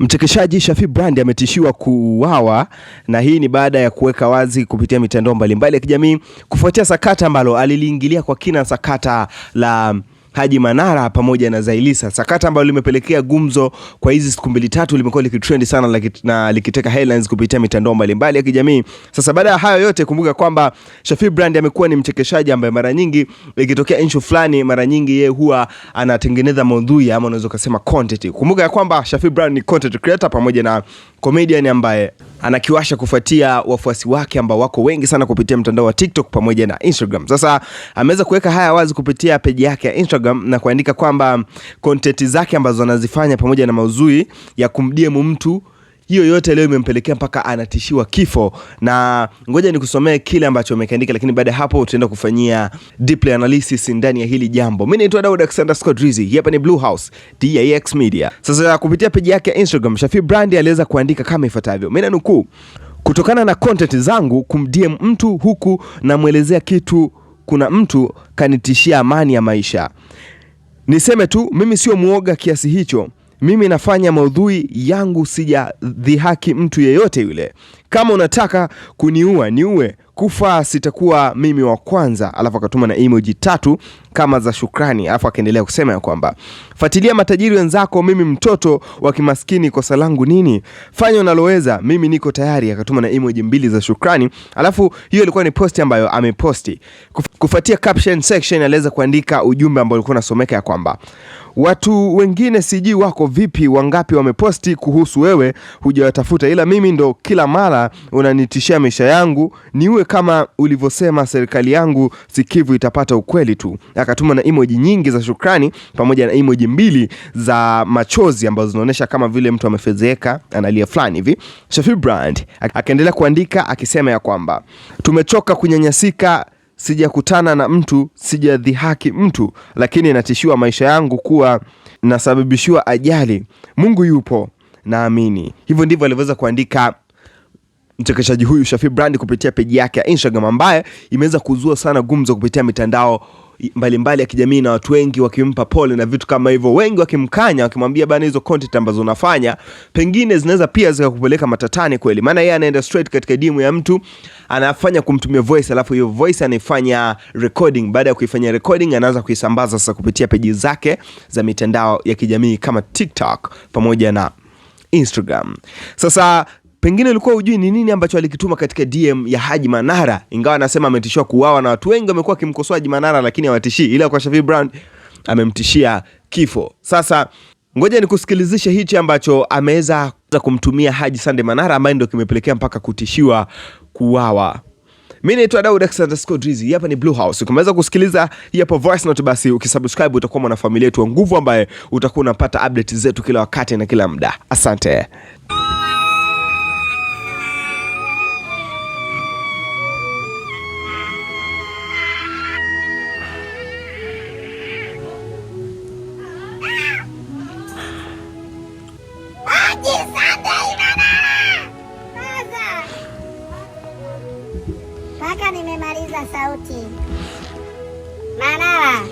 Mchekeshaji shafi Brand ametishiwa kuuawa na hii ni baada ya kuweka wazi kupitia mitandao mbalimbali ya kijamii kufuatia sakata ambalo aliliingilia kwa kina, sakata la Haji Manara pamoja na Zailisa, sakata ambayo limepelekea gumzo kwa hizi siku mbili tatu, limekuwa likitrend sana na likiteka headlines kupitia mitandao mbalimbali ya kijamii. Sasa baada ya hayo yote, kumbuka kwamba shafi Brand amekuwa ni mchekeshaji ambaye mara nyingi ikitokea issue fulani, mara nyingi yeye huwa anatengeneza maudhui ama unaweza kusema content. Kumbuka ya kwamba Shafi Brand ni content creator pamoja na comedian ambaye anakiwasha kufuatia wafuasi wake ambao wako wengi sana kupitia mtandao wa TikTok pamoja na Instagram. Sasa ameweza kuweka haya wazi kupitia peji yake ya Instagram na kuandika kwamba kontenti zake ambazo anazifanya pamoja na mauzui ya kumdiemu mtu hiyo yote leo imempelekea mpaka anatishiwa kifo, na ngoja nikusomee kile ambacho amekiandika, lakini baada ya hapo tutaenda kufanyia deep analysis ndani ya hili jambo. Mimi naitwa Daud Alexander Scott Rizzi, hapa ni Blue House DIX Media. Sasa kupitia peji yake ya Instagram, Shafi Brandi aliweza kuandika kama ifuatavyo, mimi nanukuu: kutokana na content zangu kumdm mtu huku namwelezea kitu, kuna mtu kanitishia amani ya maisha. Niseme tu mimi sio muoga kiasi hicho mimi nafanya maudhui yangu, sijadhihaki mtu yeyote yule. Kama unataka kuniua niue, kufa sitakuwa mimi wa kwanza. Alafu akatuma na emoji tatu kama za shukrani, alafu akaendelea kusema ya kwamba fuatilia matajiri wenzako, mimi mtoto wa kimaskini, kosa langu nini? Fanya unaloweza, mimi niko tayari. Akatuma na emoji mbili za shukrani, alafu hiyo ilikuwa ni posti ambayo ameposti. Kufuatia caption section aliweza kuandika ujumbe ambao ulikuwa unasomeka ya kwamba Watu wengine sijui wako vipi, wangapi wameposti kuhusu wewe, hujawatafuta, ila mimi ndo kila mara unanitishia maisha yangu, uwe kama ulivyosema, serikali yangu sikivu itapata ukweli tu. Akatuma na emoji nyingi za shukrani pamoja na emoji mbili za machozi ambazo zinaonyesha kama vile mtu amefezeka analia fulani hivi. Shafi Brand akaendelea kuandika akisema ya kwamba tumechoka kunyanyasika sijakutana na mtu, sijadhihaki mtu, lakini natishiwa maisha yangu kuwa nasababishiwa ajali. Mungu yupo, naamini. Hivyo ndivyo alivyoweza kuandika mchekeshaji huyu Shafii Brandi kupitia peji yake ya Instagram ambaye imeweza kuzua sana gumzo kupitia mitandao mbalimbali ya kijamii na watu wengi wakimpa pole na vitu kama hivyo, wengi wakimkanya, wakimwambia bana, hizo content ambazo unafanya pengine zinaweza pia zikakupeleka matatani kweli. Maana yeye anaenda straight katika dimu ya mtu, anafanya kumtumia voice, alafu hiyo voice anaifanya recording. Baada ya kuifanya recording, anaanza kuisambaza sasa kupitia peji zake za mitandao ya kijamii kama TikTok pamoja na Instagram. Sasa Pengine ulikuwa ujui ni nini ambacho alikituma katika DM ya Haji Manara, ingawa anasema ametishwa kuuawa na watu wengi wamekuwa wakimkosoa Haji Manara, lakini hawatishii, ila kwa Shafii Brown amemtishia kifo. Sasa ngoja nikusikilizishe hichi ambacho ameweza kumtumia Haji Sande Manara, ambaye ndio kimepelekea mpaka kutishiwa kuuawa. Mi naitwa Daud Drizi, hapa ni Blue House. Ukimeweza kusikiliza hii hapo voice note, basi ukisubscribe utakuwa mwanafamilia yetu wa nguvu, ambaye utakuwa unapata update zetu kila wakati na kila muda. Asante. Nimemaliza sauti. Manara,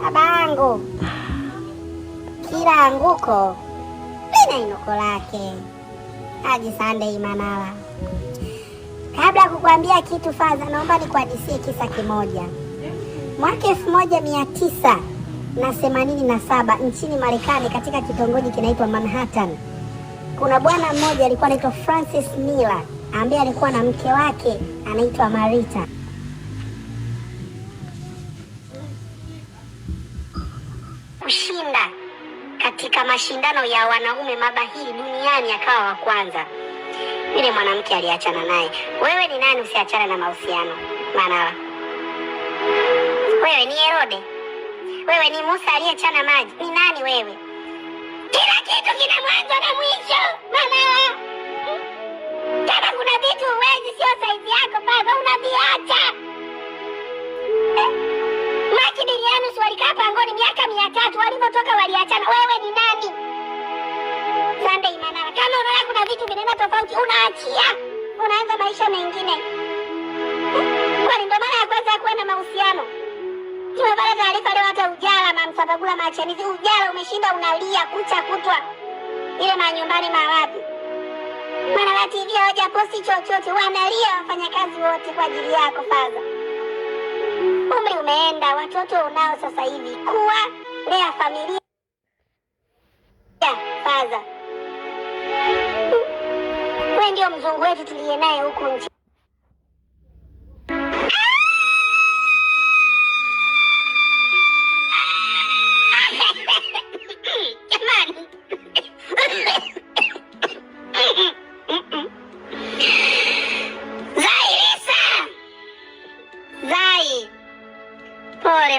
babangu, kila anguko lina inuko lake. Haji Sunday Manara, kabla kukuambia kitu fadha, naomba nikuhadisie kisa kimoja. Mwaka elfu moja mia tisa na themanini na saba nchini Marekani, katika kitongoji kinaitwa Manhattan, kuna bwana mmoja alikuwa anaitwa Francis Miller ambaye alikuwa na mke wake anaitwa Marita. Kushinda katika mashindano ya wanaume mabahili duniani akawa wa kwanza. Yule mwanamke aliachana naye. Wewe ni nani usiachana na mahusiano? Maana wewe ni Herode, wewe ni Musa aliyechana maji. Ni nani wewe? Kila kitu kina mwanzo na mwisho, Manara. Kama kuna vitu uwezi, sio saizi yako baba, unaviacha. Eh, Makidilianus walikaa pangoni miaka mia tatu walivyotoka waliachana. Wewe ni nani? Sunday Manara, kama unaona kuna vitu vinaenda tofauti unaachia, unaanza maisha mengine. Hmm, kwani ndo mara ya kwanza kuwa na mahusiano? Tumepata taarifa leo, hata ujala mamsabagula machanizi, ujala umeshinda unalia kucha kutwa ile manyumbani mawapi maana WTV hawajaposti chochote, wanalia wafanyakazi wote kwa ajili yako. Faza, umri umeenda, watoto unao sasa hivi, kuwa lea familia Faza, we ndio mzungu wetu tuliye naye huku nchi.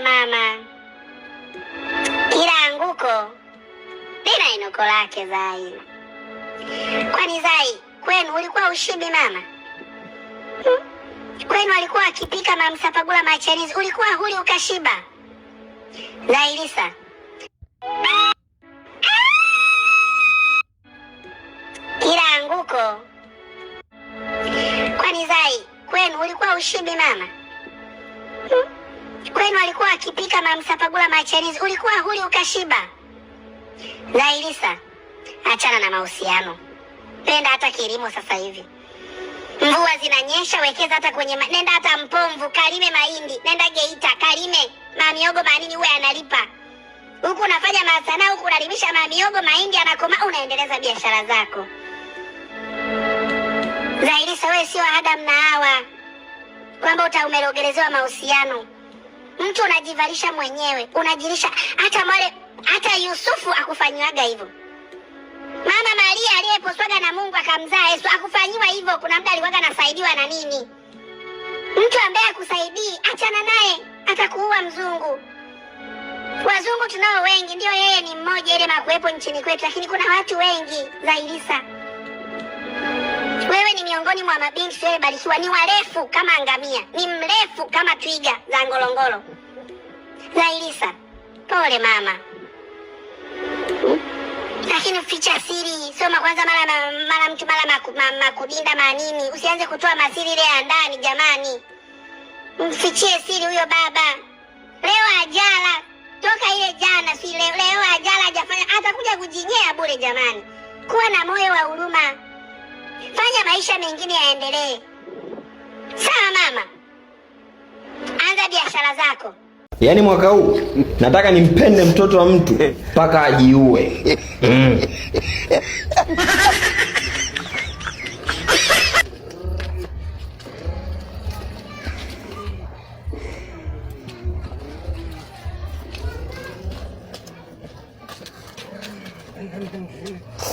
mama, ila anguko lina inuko lake Zai. Kwani Zai, kwenu ulikuwa ushibi mama? Hmm? Kwenu alikuwa akipika mamsapagula macharizi, ulikuwa huli ukashiba Zailisa? Ila anguko, kwani Zai, kwenu ulikuwa ushibi mama? Hmm? kwenu alikuwa akipika mamsapagula ma Chinese, ulikuwa huli ukashiba. Zailisa, achana na mahusiano, nenda hata kilimo sasa hivi. Mvua zinanyesha, wekeza hata kwenye ma... nenda hata Mpomvu kalime mahindi, nenda Geita kalime mamiogo manini, uwe analipa huku unafanya masanaa huku unalimisha mamiogo mahindi, anakoma unaendeleza biashara zako. Zailisa, wewe sio Adam na Hawa kwamba utaumerogelezewa mahusiano mtu unajivalisha mwenyewe, unajilisha. Hata mwale hata Yusufu akufanyiwaga hivyo. Mama Maria aliyeposwaga na Mungu akamzaa Yesu akufanyiwa hivyo. Kuna mda alikuwaga anasaidiwa na nini? Mtu ambaye akusaidii achana naye, atakuua mzungu. Wazungu tunao wengi, ndio yeye ni mmoja, ile makuwepo nchini kwetu, lakini kuna watu wengi zairisa wewe ni miongoni mwa mabinti waliobarikiwa, ni warefu kama angamia ni mrefu kama twiga za ngorongoro. Zailisa, pole mama, lakini ficha siri, soma kwanza mara mara mtu mara makudinda manini, usianze kutoa masiri ile ya ndani. Jamani, mfichie siri huyo baba. Leo ajala toka ile jana, si leo, leo ajala hajafanya, atakuja kujinyea bure. Jamani, kuwa na moyo wa huruma fanya maisha mengine yaendelee. Sawa mama, anza biashara zako. Yaani mwaka huu nataka nimpende mtoto wa mtu mpaka ajiue. Mm.